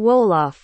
Wolof